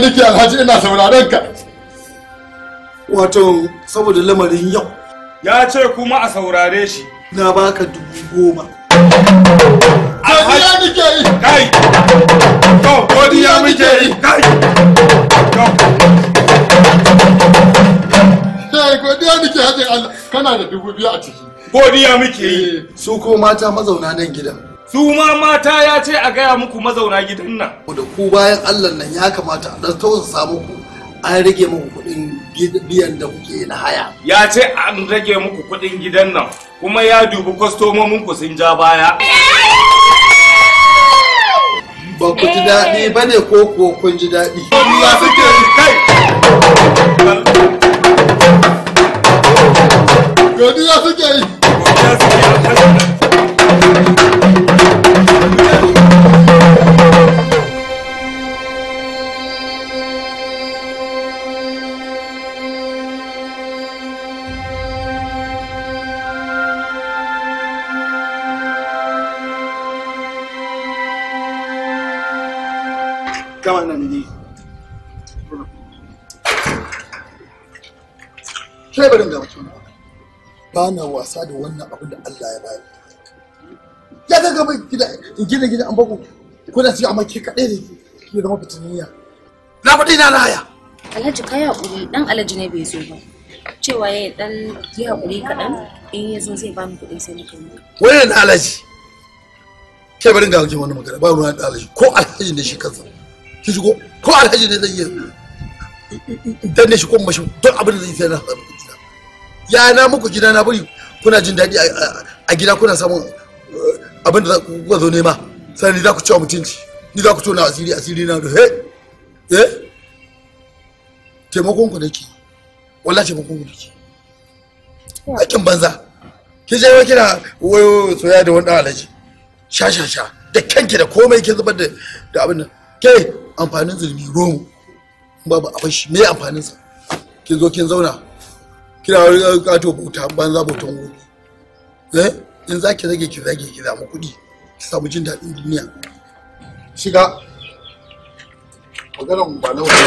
nake alhaji ina sauraron ka wato saboda lamarin yau ya ce kuma a saurare shi na baka dubu goma godiya nake yi kai to godiya muke yi kai kai godiya nake yi, Allah kana da dubu biyu a ciki godiya muke yi eh. su ko mata mazauna nan gidan su ma mata ya ce a gaya muku mazauna gidan nan da ku bayan allah nan ya kamata a ɗan tausasa muku an rage muku kuɗin biyan da kuke na haya ya ce an rage muku kuɗin gidan nan kuma ya dubi kwastomomin ku sun ja baya ba ku ji daɗi ba ne ko kuwa kun ji daɗi ya suke kai Godiya suke yi. Godiya suke yi. kama na nini sai barin mutum ba na wasa da wannan abin da Allah ya bayar ya ga gaba gida in gina gida an bako ko da amma ke kaɗai ne ke zama fitiniya na faɗi na laya alhaji ka yi haƙuri, ɗan alhaji ne bai zo ba cewa ya yi ɗan yi haƙuri kaɗan in ya zo zai ba mu kuɗin sai muka yi wani na alhaji ke barin ga wajen wani magana ba ruwan alhaji ko alhaji ne shi kansa ki shigo ko alhaji ne zai iya danne shi ko mashi don abin da zai sai na ya na muku gida na bari kuna jin daɗi a gida kuna samun eh, abin da kuka zo nema sai ni za ku wa mutunci ni za ku tona asiri asiri na da eh taimakon ku nake wallahi taimakon ku nake aikin banza ki je wa kina wayo soyayya da wani alhaji sha sha sha da kanki da komai ke zubar da abin nan ke amfanin zirgi romo babu a fashi me amfanin sa kin zo kin zauna kina wani kato bauta banza bautan gobe eh in zaki zage ki zage ki zamu kudi ki samu jin dadin duniya shiga mu ba na wani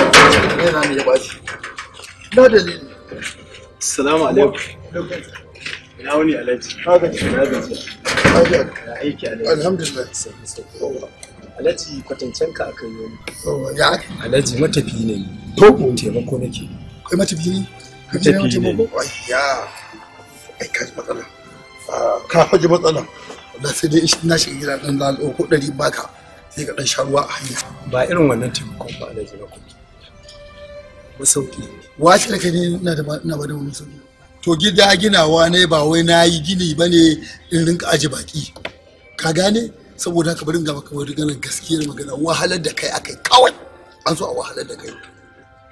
ne na ne ya bashi na dalili assalamu alaikum Ina wani Alhaji Haka ce. Ina gaji. Haka. na aiki alaji. Alhamdulillah. Alaji kwatancen ka akan yomi. Oh, ya Alhaji Alaji matafi ne. To? Taimako nake. Kai matafi ne? Matafi ne. Ya. Ai ka ji matsala. Ah, ka faji matsala. Da sai dai na shiga gida ɗan lalo ko ɗari baka sai ka ɗan sha ruwa a hanya. Ba irin wannan taimakon ba alaji na kuɗi. Masauki. Wace da kai ne na da wani masauki. to gida ginawa ne ba wai na yi gini ba ne in rinka aji baki ka gane saboda ka barin gaba kamar ganin gaskiyar magana wahalar da kai akai kawai an so a wahalar da kai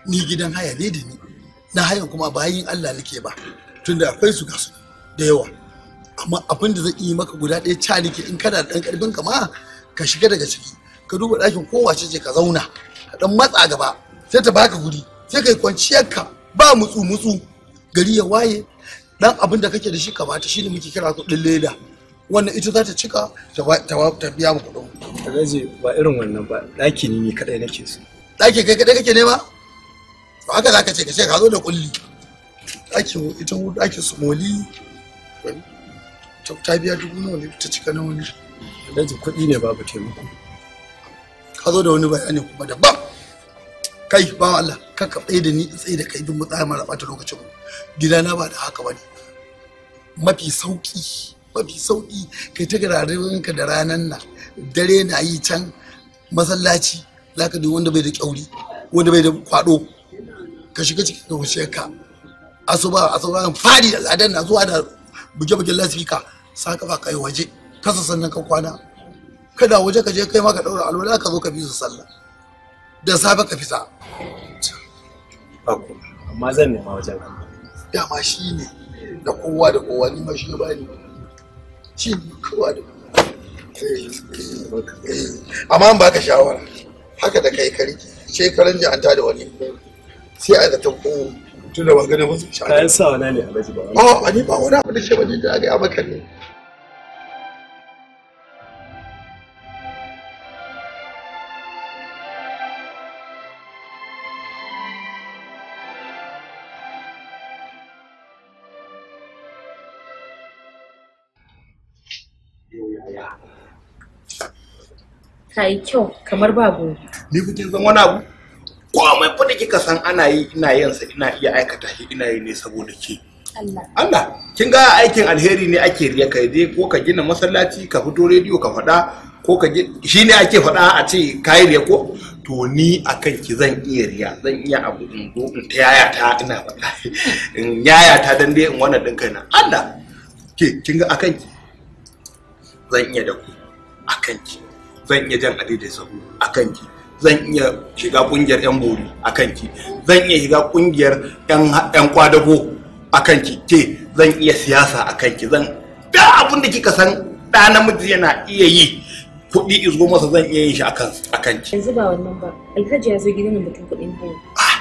ni gidan haya ne da ni na hayan kuma bayan Allah nake ba tunda akwai su gasu da yawa amma abin da zan yi maka guda ɗaya ca nake in kana da ɗan ƙarfin ka ma ka shiga daga ciki ka duba ɗakin kowace ce ka zauna ka ɗan matsa gaba sai ta baka guri sai kai kwanciyar ka ba mutsu mutsu gari ya waye dan abin da kake da shi ka bata shine muke kira kuɗin leda wannan ita za ta cika ta biya mu kudin alhaji ba irin wannan ba daki ne ni kadai nake so daki kai kadai kake nema to haka zaka ce ka ce ka zo da kulli daki ita daki su moli ta biya dubu nawa ne ta cika nawa ne alhaji kuɗi ne babu taimako ka zo da wani bayani kuma babu kai ba Allah kaka tsaye da ni tsaye da kai duk mu tsaya mara bata lokacin mu gidana ba da haka bane mafi sauki mafi sauki kai ta ka da ranan nan dare na yi can masallaci zaka da wanda bai da kyauri wanda bai da kwado ka shiga cikin ka asuba asuba fadi da ladan na zuwa da buge buge lasifika sa ka ba kai waje kasa sannan ka kwana kada waje ka je kai ma ka daura alwala ka zo ka bi su sallah da safe ka fita amma zan nema wajen Allah dama shi ne da kowa da kowa ni ma shi ba ni shi ne kowa da amma ba ka shawara haka da kai karki shekaran ji da wani sai a zaton ko tun da ba gane musu shawara kayan sawa na ne alhaji ba a ni ba wani abu da shi ba ne da aka yi maka ne ka yi kyau kamar ba gobe ni kuke zan wani abu komai fa da kika san ana yi ina yin sa ina iya aikata shi ina yi ne saboda ke Allah Allah kin ga aikin alheri ne ake riya kai dai ko ka gina masallaci ka fito rediyo ka faɗa ko ka shi ne ake faɗa a ce kayi riya ko to ni a ki zan iya riya zan iya abu in zo in ta yaya ta ina faɗa in yaya ta dan dai in wannan din kaina Allah ke kin ga a ki zan iya da ku akan ki. zan iya jan adidai sahu a kanki zan iya shiga kungiyar yan bori a kanki zan iya shiga kungiyar yan kwadago a kanki ke zan iya siyasa a kanki zan da abin da kika san ɗa namiji yana iya yi kuɗi izo masa zan iya yin shi a kanki yanzu ba wannan ba alhaji ya zo gidan mutum kuɗin haya ah,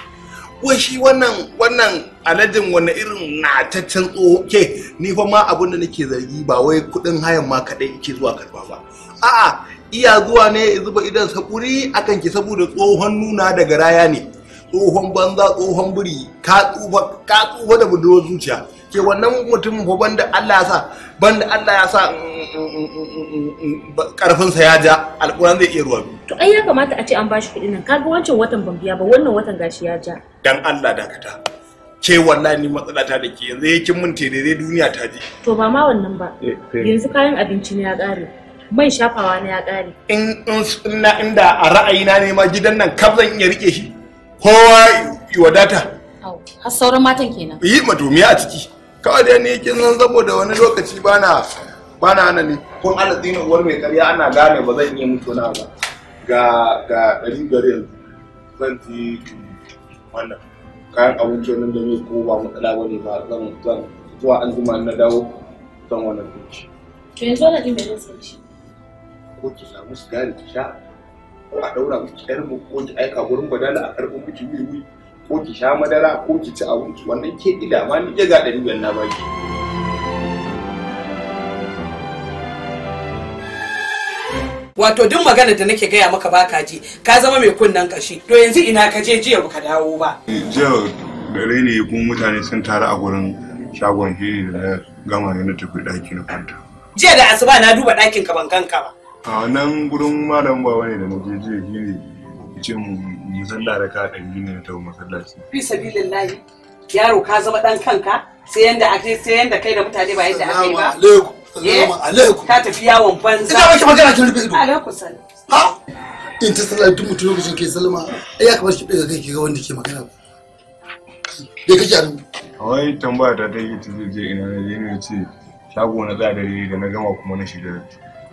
wai shi wannan wannan aladin wani irin nataccen tsoho ke ni fa ma abin da nake zargi ba wai kuɗin hayan ma kaɗai ke zuwa karba ba a'a iya zuwa ne ya zuba idan sakuri akan ki saboda tsohon nuna daga raya ne tsohon banza tsohon buri ka tsufa ka tsufa da budurwar zuciya ke wannan mutum fa banda Allah ya sa banda Allah ya sa karfin mm, mm, mm, sa ya ja alƙur'an zai iya ruwa to ai ya kamata a ce an bashi kuɗin nan kaga wancan watan ban biya ba wannan watan gashi ya ja dan Allah dakata ke wannan ni matsala ta da ke yanzu yakin mun tere duniya ta ji to ba ma wannan ba eh, eh. yanzu kayan abinci ne ya ƙare man shafawa na ya ƙare. In na inda a ra'ayina ne ma gidan nan kaf zan iya rike shi. Kowa yi wadata. Har sauran matan kenan. Yi madumiya a ciki. Kawai dai ni kin san saboda wani lokaci bana bana nan ne. Kun ala dinin uwar mai karya ana gane ba zan iya mutu na ba. Ga ga ɗari gari zan ci wannan kayan abinci nan da mai ko ba matsala ba ne ba zan zan zuwa an zuma na dawo zan wannan abinci. To yanzu wannan ɗin da zan sai ko ki samu sigari ta sha ko a ɗaura miki yar mu ko ki aika gurin badala a karɓo miki wiwi ko ki sha madara ko ki ci abinci wannan ke ida ma ni ke ga ɗari biyar na baki. Wato duk magana da nake gaya maka ba ka ji ka zama mai kunnen kashi to yanzu ina ka je jiya baka dawo ba. Jiya dare ne kuma mutane sun taru a gurin shagon shi da na gama yana tafi ɗaki na kwanta. Jiya da asuba na duba ɗakin ka ban kanka ba. a nan gudun malam ba wani da na je jiya shi ne ce yi da ka ɗan gini na tawo masallaci. Fi sabilillahi yaro ka zama ɗan kanka sai yanda ake sai yanda kai da mutane ba yadda ake ba. Salamu eh? alaikum. Ka tafi yawon banza. Ina maki magana kin rufe ido. Alaikum salam. Ha? In ta sallah duk mutum lokacin ke salma ai ya kamar ki da kai ke ga wanda ke magana ba. Me kake a A Wai tambaya ta ta yi ta je ina ne ce shago na tsaya da na gama kuma na shiga.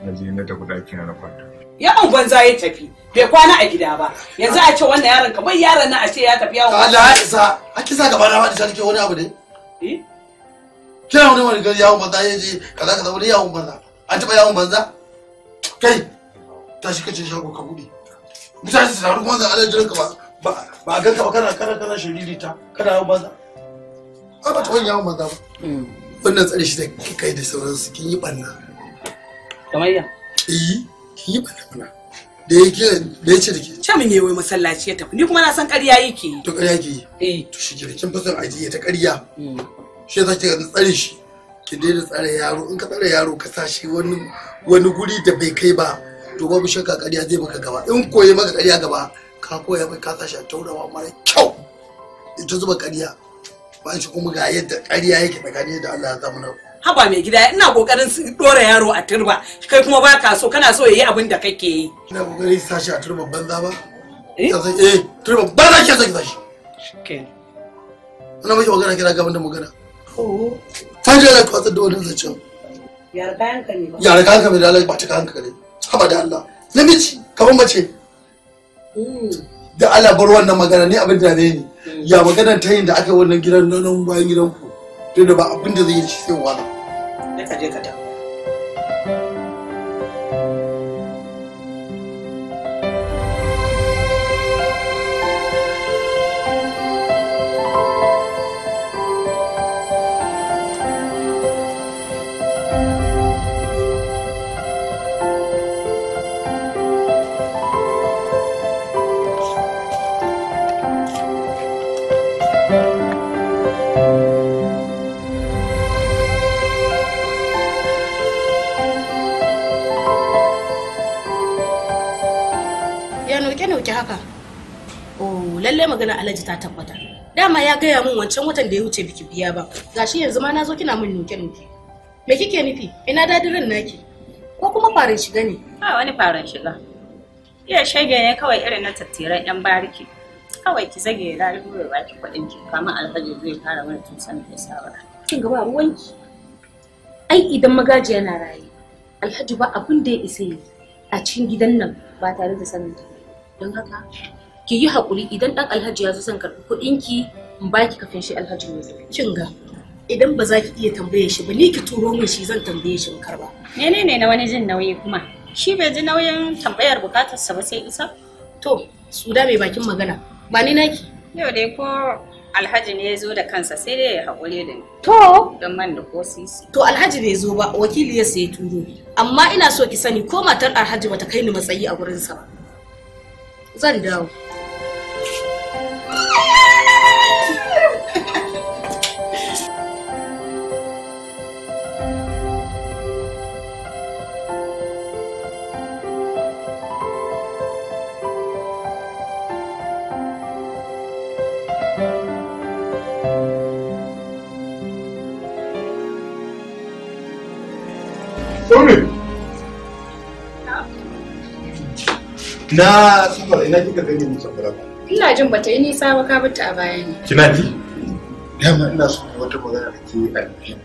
na je na tafi ɗaki na kwanta. Yawan banza ya tafi bai kwana a gida ba yanzu a ce wannan yaron kamar yaron na a ce ya tafi yawon. Allah ya isa a kisa gaba na hadisa take wani abu ne? Eh? Kina wani wani gari yawon banza ya je kaza kaza wani yawon banza an taɓa yawon banza? Kai tashi kace shago ka buɗe. Mutane su taru kuma za a lajin ka ba ba a ganka ba kana kana kana shiririta kana yawon banza. Ba ba ta wani yawon banza ba. Hmm. Wannan tsare shi da kai da sauransu kin yi ɓanna. Kamayya. Eh, ki yi bana Da ya ke da ya ce da ke. Ce min yayi masallaci ya tafi. Ni kuma na san ƙarya yake. To ƙarya yake. Eh. To shi ke kin fasan ajiye ta ƙarya. Hmm. Shi yasa kika tsare shi. Ki daina tsare yaro in ka tsare yaro ka sa shi wani wani guri da bai kai ba. To babu shakka ƙarya zai maka gaba. In koyi maka ƙarya gaba ka koya mai ka sa shi a taurawa mara kyau. Ita zuba ƙarya. Ba shi kuma ga yadda ƙarya yake tsakanin da Allah ya zama na haba mai gida ina kokarin su dora yaro a turba kai kuma ba ka so kana so yayi abin da kake yi ina kokarin sa shi a turban banza ba eh turba eh, turban banza ke zaki sashi shikenan ana mai magana kira gaban da magana oh ta je da kwatsa da wannan zancen yar kayan ka ne ba yar kayan ka ne ba ta kayan ka ne haba da Allah namiji kaman mace hmm. da Allah bar wannan magana ne abin da ne ni hmm. ya magana ta yin da aka wannan gidan nan bayan gidan ku tunda ba abin da zai yi shi sai wani ka je ka dawo ɗauki haka oh lalle magana alhaji ta tabbata dama ya gaya min wancan watan da ya wuce biki biya ba gashi yanzu ma nazo kina min nuke nuke me kike nufi ina dadin ran naki ko kuma farin shiga ne ba wani farin shiga iya shege ne kawai irin na tattiran yan bariki kawai ki zage da lura ba ki kudin ki kamar alhaji zai fara mana tusan da sabar. kin ga ba ruwanki ai idan magaji yana raye alhaji ba abin da ya isa yi a cikin gidan nan ba tare da sanin ta don haka ki yi haƙuri idan ɗan alhaji ya zo zan karɓi kuɗinki in baki kafin shi alhaji ya kin ga idan ba za ki iya tambaye shi ba ni ki turo min shi zan tambaye shi in karba ne na wani jin nauyi kuma shi bai ji nauyin tambayar bukatarsa ba sai isa to su da mai bakin magana ba ni naki yau dai ko alhaji ne ya zo da kansa sai dai ya haƙuri da ni to don man da ko to alhaji bai zo ba wakili ya sai turo amma ina so ki sani ko matar alhaji bata kai ni matsayi a gurinsa ba Let it go. Ina safar ina kika gani mu safara ba. Ina jin bata yi nisa ba ka bata a baya ne. Kina ji? Dama ina so wata magana da ke alheri.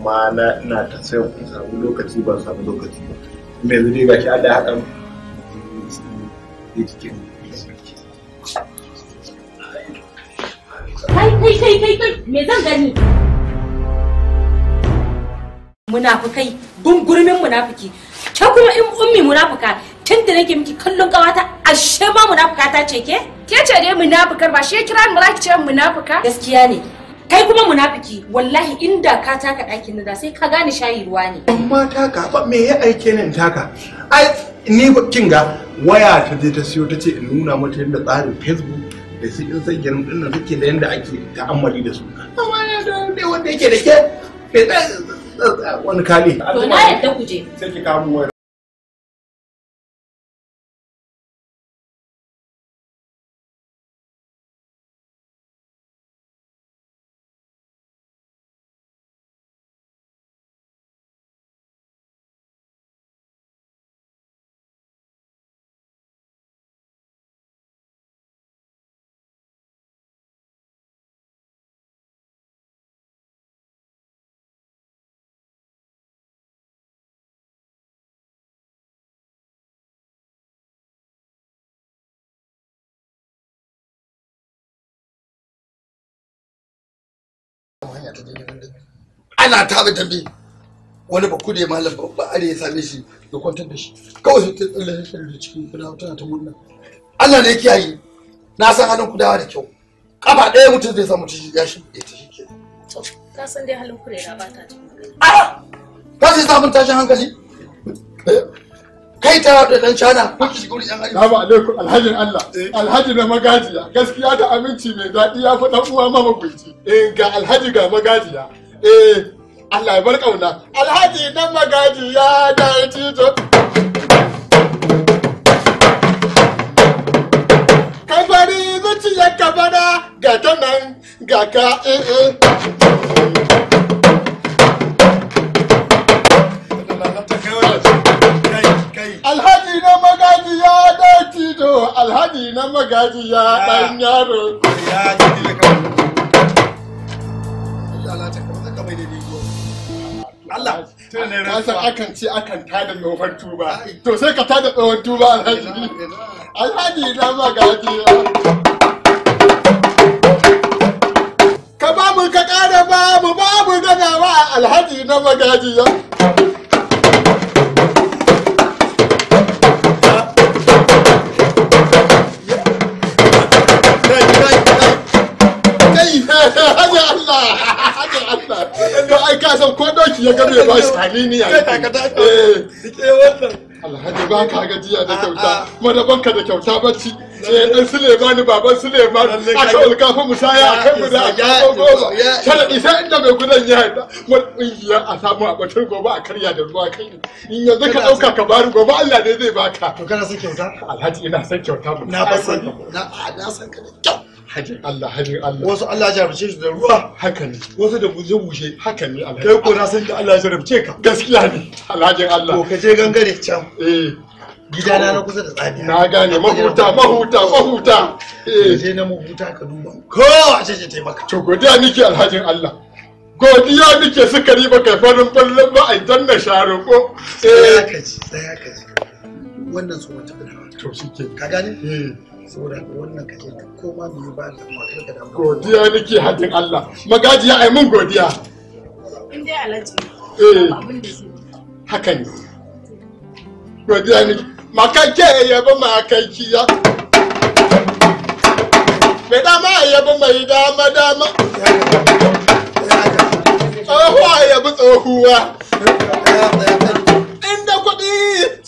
Ma na ina ta sai ku samu lokaci ban samu lokaci ba. Me zai dai gashi Allah ya haɗa Ne cikin Kai kai kai kai kai me zan gani? Munafukai, gungurmin munafuki, ke kuma in ummi munafuka tun da nake miki kallon kawata ashe ma munafuka ta ce ke ke ce dai munafukar ba shi kira mu ki ce munafuka gaskiya ne kai kuma munafiki wallahi inda ka taka ɗakin nan da sai ka gane shayi ruwa ne amma ka ba me ya aike nan taka ai ni kin ga waya ta je ta siyo ta ce in nuna mata yadda tsarin facebook da su instagram din dinnan suke da yadda ake ta'ammali da su amma ne wanda yake da ke wani kali to na yadda kuje sai ki kamo hanya ta daidai wanda ana ta da tambi wani baku da malam babba are ya same shi ya kwantar da shi kawai sai ta tsalle shi da cikin kudawa tana ta murna Allah ne kiyaye na san halin kudawa da kyau kafa ɗaya mutum zai samu ciki ya shi ya tashi ke ka san dai halin kurera ba ta cikin a ah! ka sai samun tashin hankali eh? kai ta da dan shana kun ki shiguri yan arewa salamu alaikum alhaji Allah eh. alhaji na magajiya gaskiya da aminci mai daɗi ya fi dan uwa ma magulci eh ga alhaji ga magajiya eh Allah ya bar kauna alhaji dan magajiya da tito kabari zuciyar kabara ga ta nan ga ka eh eh na magaji ya dan yaro ya ji da Allah ta ka da Allah akan ce akan tada tsohon tuba to sai ka tada tsohon tuba alhaji alhaji na magaji ka ba mu ka kara ba mu ba mu ganawa alhaji na magaji hajji Allah hajji Allah da ai ka san ko ya gabe ba shi haniniya eh. wannan ba ka da kyauta kuma da banka da kyauta bacci eh dan Suleimani baban Suleiman a ka ulkafa musaya a kai guda a sai inda mai gudan ya haɗa wani a samu a batun gobe a karya da ruwa kai in yanzu ka ɗauka ka bari gobe Allah ne zai baka to kana son kyauta alhaji ina son kyauta na san na san ka da kyau hajjin Allah hajjin Allah wasu Allah ya jarabce su da ruwa haka ne wasu da buje buje haka ne Allah kai ko na san da Allah ya jarabce ka gaskiya ne Alhaji Allah ko ka je gangare can eh gidana na kusa da tsani na gane mahuta mahuta mahuta eh je na mahuta ka duba ko a ce ce taimaka to godiya nake alhajin Allah godiya nake suka ri kai farin fallan ba a danna sharo ko eh haka ji haka ji wannan su so mata to shi ke ka gane eh saboda wannan ka je ko ma biyu ba da magana ka da godiya nake hajin Allah magajiya ai mun godiya in dai alaji eh haka ne godiya nake makake yabo makaki ya Me dama yabo mai dama dama tsohuwa yabo tsohuwa inda kuɗi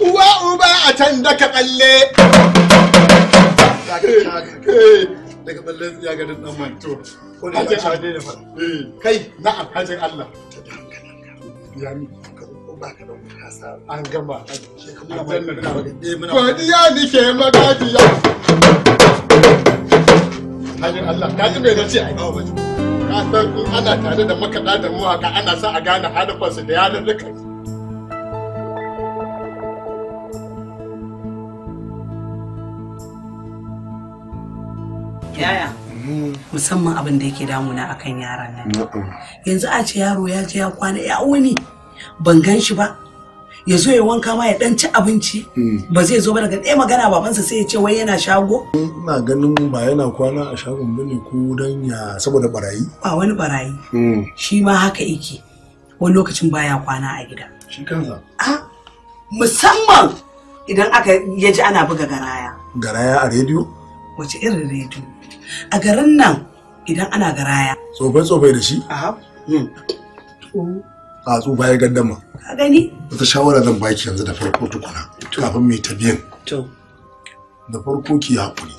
uwa uba a can da ka tsalle eh, eh. daga tsalle eh. ya ga dan ko ne ya ce kai na alhajin Allah ya an gama hajin Allah ji ai ka san ana tare da makaɗa da ana sa a gane hadafansu da yanar da kai musamman abin da yake damuna akan yaran nan yanzu a ce yaro ya je ya kwana ya wuni ban gan shi ba ya zo ya wanka ma ya dan ci abinci hmm. ba zai zo ba daga ɗaya magana babansa sai ya ce wai yana shago ina ganin ba yana kwana a shagon bane ko dan ya saboda barayi ba wani barayi hmm. shi ma haka yake wani lokacin baya kwana a gida shi kansa a musamman idan aka yaji ana buga garaya garaya a rediyo wace irin rediyo a garin nan idan ana garaya tsofai tsofai da shi hmm. oh. a tsofai ya gaddama ka gani wata shawara zan baki yanzu da farko tukuna kafin mai ta biyan da farko ki haƙuri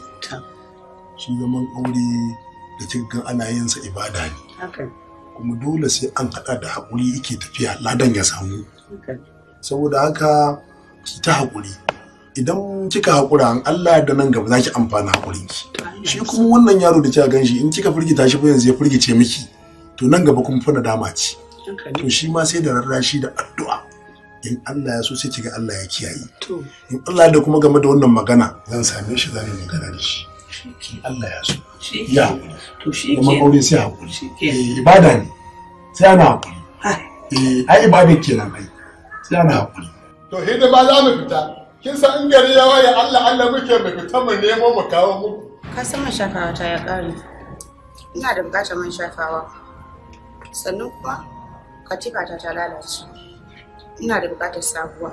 shi zaman aure da cikin ana yin sa ibada ne kuma dole sai an haɗa da haƙuri yake tafiya ladan ya samu saboda haka ki ta haƙuri idan kika haƙura an Allah da nan gaba zaki amfana ki shi kuma wannan yaro da kika ganshi in kika firgita shi yanzu ya firgice miki to nan gaba kuma fa nadama ce to shi ma sai da rarrashi da addu'a in Allah ya so sai kiga Allah ya kiyaye in Allah da kuma game da wannan magana zan same shi zan yi magana da shi Allah ya so ya to shi kuma aure sai haƙuri eh, ibada ne sai ana haƙuri eh, ai ibada kenan ai sai ana haƙuri to hidima za mu fita kin san in gari ya waye Allah Allah muke mai fita mu nemo mu kawo mu ka san man shafawa ta ya kare ina da bukatar man shafawa sannan kuma katifa ta ta lalace ina da bukatar sabuwa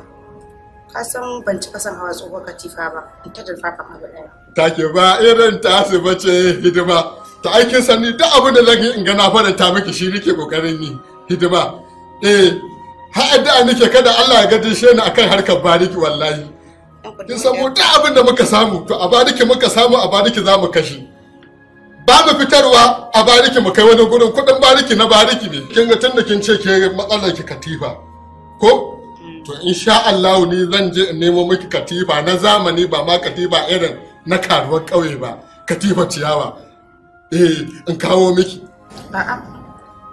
ka san ban cika kasan hawa tsohuwar katifa ba in ta dalfafa abu Ta ke ba irin ta su bace hidima ta aikin sani duk abin da zan yi in gana fara ta miki shi nake kokarin yi hidima eh har addu'a nake kada Allah ya shi ni akan harkar bariki wallahi kin samu ta abin da muka samu to a bariki muka samu a bariki za mu kashe ba mu fitarwa a bariki mu kai wani gurin kudin bariki na bariki ne kin ga tunda kin ce ke matsalar ki katifa ko mm. to insha Allah ni zan je in nemo miki katifa na zamani ba ma katifa irin na karuwar ƙauye ba katifa ciyawa eh in kawo miki ba'a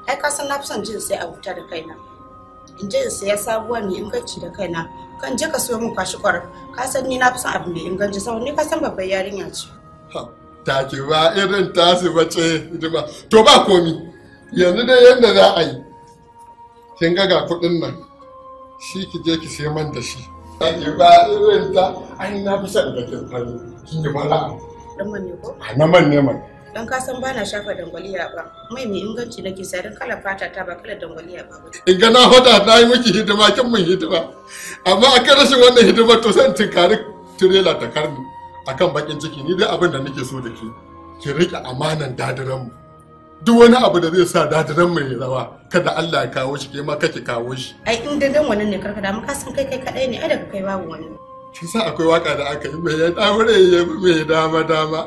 ai ka san na fi son jin sai a wuta da kaina in je in saya sabuwa mai inganci da kaina kan je ka siyo min kwashi kwar ka san ni na fi son abu mai inganci saboda ni ka san babbar yarinya ce ta ke ba irin tasu bace ba to ba komi yanzu dai yadda za a yi kin ga ga kuɗin nan shi ki je ki sai man da shi Ta ke ba irin ta an na fi son da kin hannu kin yi ne a na man ne man dan ka san bana shafa dangwaliya ba mai mai inganci nake sai dan kala fata ta ba kala dangwaliya ba in ga na hoda na yi miki hidima kin mun hidima amma a kan rashin wannan hidima to san tinkari tirela ta karni akan bakin ciki ni dai abin da nake so da ke ki rike amanan dadiran mu duk wani abu da zai sa dadiran mu ya rawa kada Allah ya kawo shi kai ma kake kawo shi ai in da dan wannan ne karkada mu ka kai kai kadai ne ai daga kai babu wani shi sa akwai waka da aka yi mai daure ya mai dama dama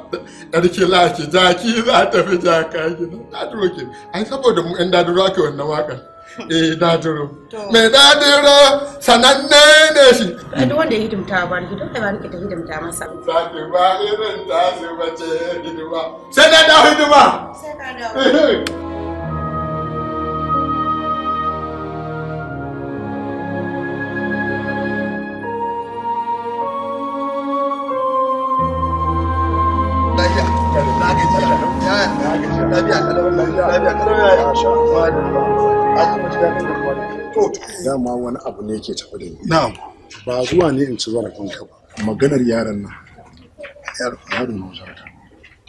ɗarki laki jaki za ta fi jaka Na dadiro ke ai saboda mu yan dadiro aka wannan waka eh dadiro mai dadiro sananne ne shi duk wanda ya hidimta ba gidan da ba nake ta hidimta masa zaki ba irin ta su bace hidima sai na dawo hidima sai masha dama wani abu ne ke tafi da ni na'am ba zuwa ne in ci zarafin ka ba maganar yaran nan yaro yaro ne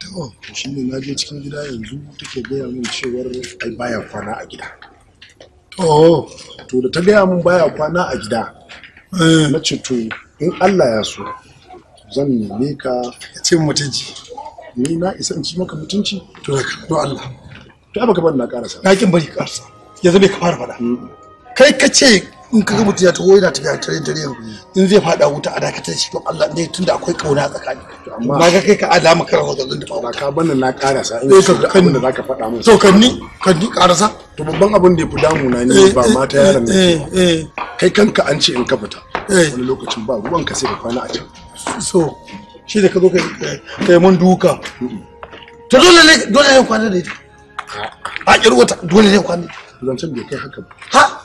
to shi ne naje cikin gida yanzu take gaya min cewar ai baya kwana a gida to to da ta gaya min baya kwana a gida eh. na ce to in Allah ya so zan neme ka ya ce mutunci ni na isa in ci maka mutunci to Allah to baka ban na karasa na kin bari karasa yanzu bai ka fara fada mm. kai ka ce in ka ah. mutu ya taho yana tafiya tare tare mm. in zai fada wuta a dakatar shi don Allah ne tunda akwai kauna tsakani amma ga kai ka alama kar hoto zan tafi ba ka bar na karasa in eh, ka kan da zaka fada mun to kan ni kan ni karasa to babban abin da ya fi damuna ne eh, ba eh, mata yaran ne kai kanka an ce in ka fita wani lokacin ba ruwan ka sai ka kwana a can so shi da ka zo kai mun duka to dole ne dole ne kwana da ita a ƙirgo dole ne kwani zancen bai kai haka ba ha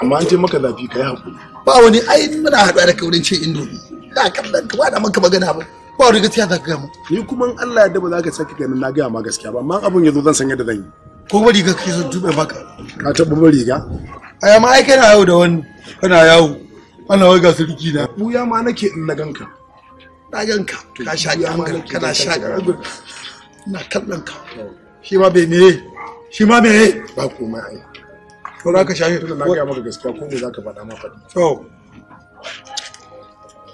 amma an ce maka zafi kai hakuri ba wani ai muna haɗuwa da kaurin ce indomi da kallon ka ba da maka magana ba ba wani gaskiya za ka gama ni kuma in Allah ya daba za ka saki ganin na gaya ma gaskiya ba amma abun yazo zan san yadda zan yi ko ba riga kai zan dube maka ka taɓa ba riga ai amma ai kana yawo da wani kana yawo ana waga sarki na buya ma nake in na ganka na ganka ka sha shaƙi kana shaƙi ina kallon ka shi ma bai meye shi ma meye ba komai ai ko za ka shafe tunda na gaya maka gaskiya ko me za ka faɗa ma faɗi to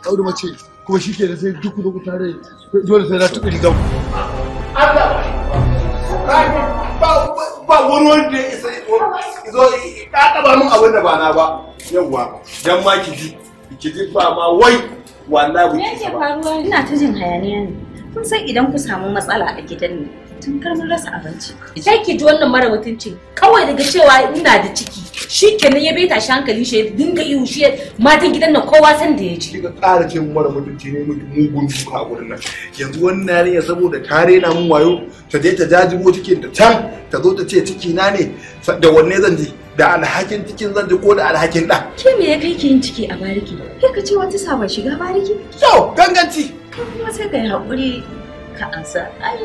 aure mace kuma shi ke da sai duk duk tare dole sai na tuɓe zau Allah ba wani wanda ya isa zo ya taba min abin da ba na ba yawwa dan ma ki ji ki ji ba ma wai wallahi na wuce? ba ina ta jin hayaniya ne kun san idan ku samu matsala a gidan ne mutum kar mun rasa abinci sai ki ji wannan mara mutunci kawai daga cewa ina da ciki shikenan ya beta shi hankali shi ya dinga ihu shi matan gidan nan kowa san da ya ji kika ƙara ce mara mutunci ne mugun duka a gurin nan yanzu wannan yarinya saboda ta rena mun wayo ta je ta jajibo cikin da can ta zo ta ce ciki na ne da wanne zan ji da alhakin cikin zan ji ko da alhakin ɗa. Ke me ya kai ki yin ciki a bariki? Ke ka ce wata saba shiga bariki? Yau ganganci. Kuma sai ka yi haƙuri ka ansa. Ai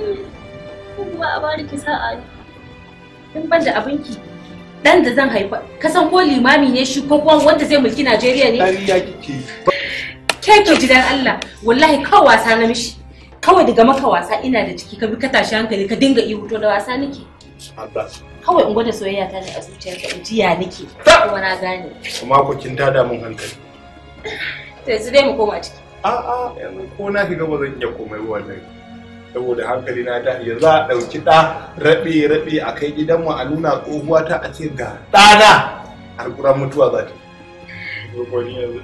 kuma a bari ki sa'a ne in ban da abin ki dan da zan haifa ka san ko limami ne shi ko kuwa wanda zai mulki Najeriya ne ƙarya kike ke ji gidan Allah wallahi kawai wasa na mishi kawai daga maka wasa ina da ciki ka bi ka tashi hankali ka dinga ihu to da wasa nake kawai in gwada soyayya ta ne a zuciyarka in jiya nake kuma na gane kuma ku kin tada mun hankali to yanzu dai mu koma ciki a'a ko na shiga ba zan iya komai wannan saboda hankali na ta yanzu a ɗauki ɗa rabe rabe a kai gidanmu a nuna tsohuwa ta a ce ga ɗana har kura mutuwa za ta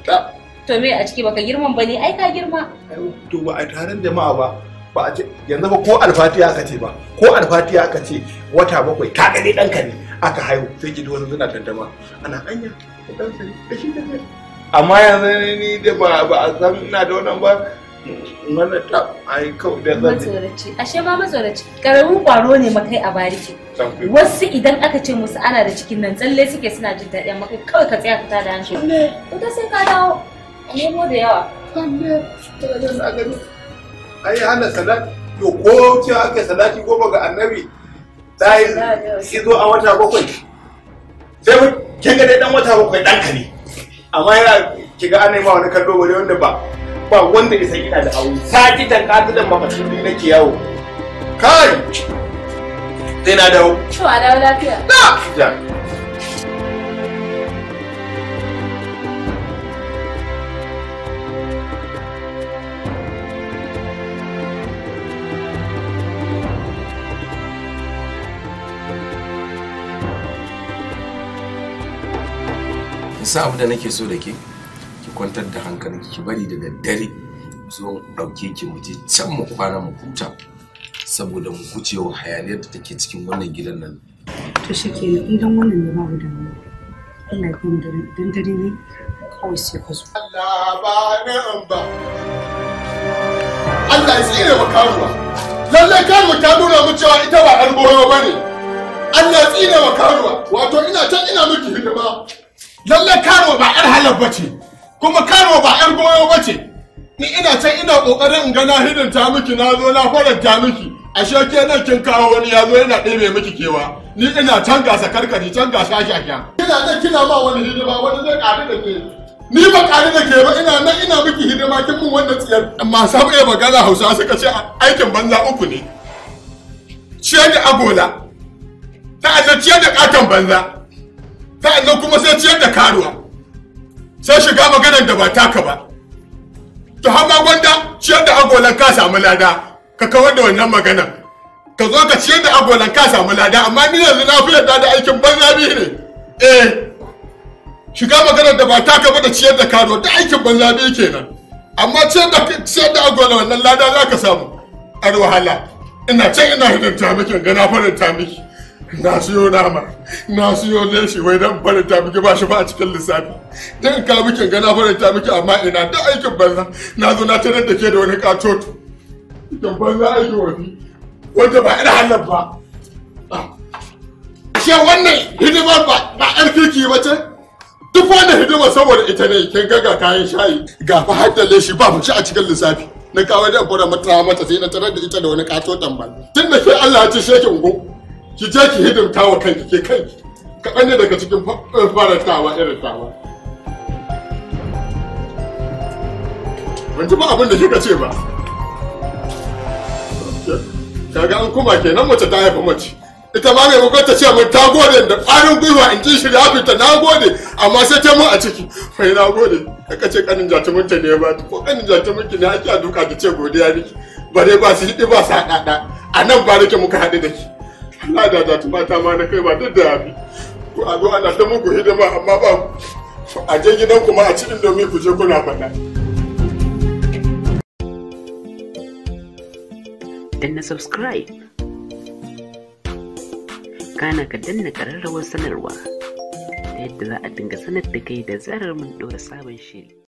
ta to me a ciki baka girman ba ne ai ka girma to ba a taron jama'a ba ba a ce yanzu ba ko alfatiya aka ce ba ko alfatiya aka ce wata bakwai ka gani ɗanka ne aka haihu sai ki wasu suna tantama ana anya ɗansa ne da shi da amma yanzu ni da ba a san ina da wannan ba mana ta ai kawai da zan matsoraci ashe ma matsoraci karamin kwaro ne makai a bariki wasu idan aka ce musu ana da cikin nan tsalle suke suna jin daɗin makai kawai ka tsaya fita da hancin. ne ita sai ka dawo nemo da yawa kalle ta da na gani ai hana salati to ko ce ake salati ko ga annabi ta yi izo a wata bakwai sai kin ga dai dan wata bakwai dan kare amma yana kiga ana yi ma wani kallo wani wanda ba ba wanda ya san ina da aure sati ta katilan mafacin ni nake yawo kai sai na dawo to a dawo lafiya da ja sa abu da nake so da ke kwantar da hankalin ki bari da daddare zo dauke ki mu je can mu kwana mu huta saboda mu guje wa hayaniyar da take cikin wannan gidan nan. To shike ne idan wannan ne babu damuwa. Allah ya kai mu dan dare ne kawai sai ka zo. Allah ba ne an ba. Allah ya tsire wa karuwa. Lallai karuwa ta nuna mu cewa ita ba ɗan goro ba ne. Allah ya tsire wa karuwa. Wato ina can ina miki hidima. Lallai karuwa ba ɗan halabba ba ce. kuma kano ba yar goyo ba ce ni ina can ina kokarin in ga na hidinta miki na zo na faranta miki ashe ke nan kin kawo wani ya zo yana ɗebe miki kewa ni ina can gasa karkari can gasa shashaka kina nan kina ma wani hidima wani zai ƙari da ke ni ba ƙari da ke ba ina nan ina miki hidima kin mun wannan tsiyar masu haɓe magana hausa suka ce aikin banza uku ne ciyar da agola ta'annan ciyar da ƙaton banza ta'annan kuma sai ciyar da karuwa sai shiga maganar da ba taka ba to hama gwanda ciyar da agolan ka samu lada ka kawar da wannan maganar ka zo ka ciyar da agolan ka samu lada amma ni yanzu na fi da aikin banza ne eh shiga maganar da ba taka ba da ciyar da karo da aikin banza biyu kenan amma ciyar da ciyar da agolan wannan lada za ka samu ar wahala ina can ina hidinta miki ga na ta miki na siyo nama na siyo leshi wai dan faranta miki ba shi ba a cikin lissafi dan ka miki ga na faranta miki amma ina da aikin banza na zo na tarar da ke da wani katoto idan banza aiki wani. wanda ba ina halar ba ashe wannan hidima ba ba yar ba ce duk wannan hidima saboda ita ne kin ga ga kayan shayi ga fa har da leshi ba mu ci a cikin lissafi na kawo da fara mata mata sai na tarar da ita da wani katoton ba. tun da ke Allah ya ci shekin go ki je ki hidimta wa kanki ke kanki Ka ɓanne daga cikin eh, farantawa irin tawa ban ji ba abin da kika ce ba kaga an kuma kenan mace ta haifa mace ita ma mai ta ce min ta gode da ƙwarin gwiwa in ji shirya da fita na gode amma sai ta mu a ciki mai na gode ka ce kanin ta ne ba ko kanin ki ne ake duka da ce godiya niki bare ba su hidi ba su haɗaɗa a nan ba nake muka haɗu da ki na da da mata ma na kai ba duk da abi ku a zo ana ta muku hidima amma ba a je gidan kuma a ci indomi ku je kuna faɗa. danna subscribe kana ka danna ƙararrawar sanarwa ta yadda za a dinga sanar da kai da zarar mun ɗora sabon shiri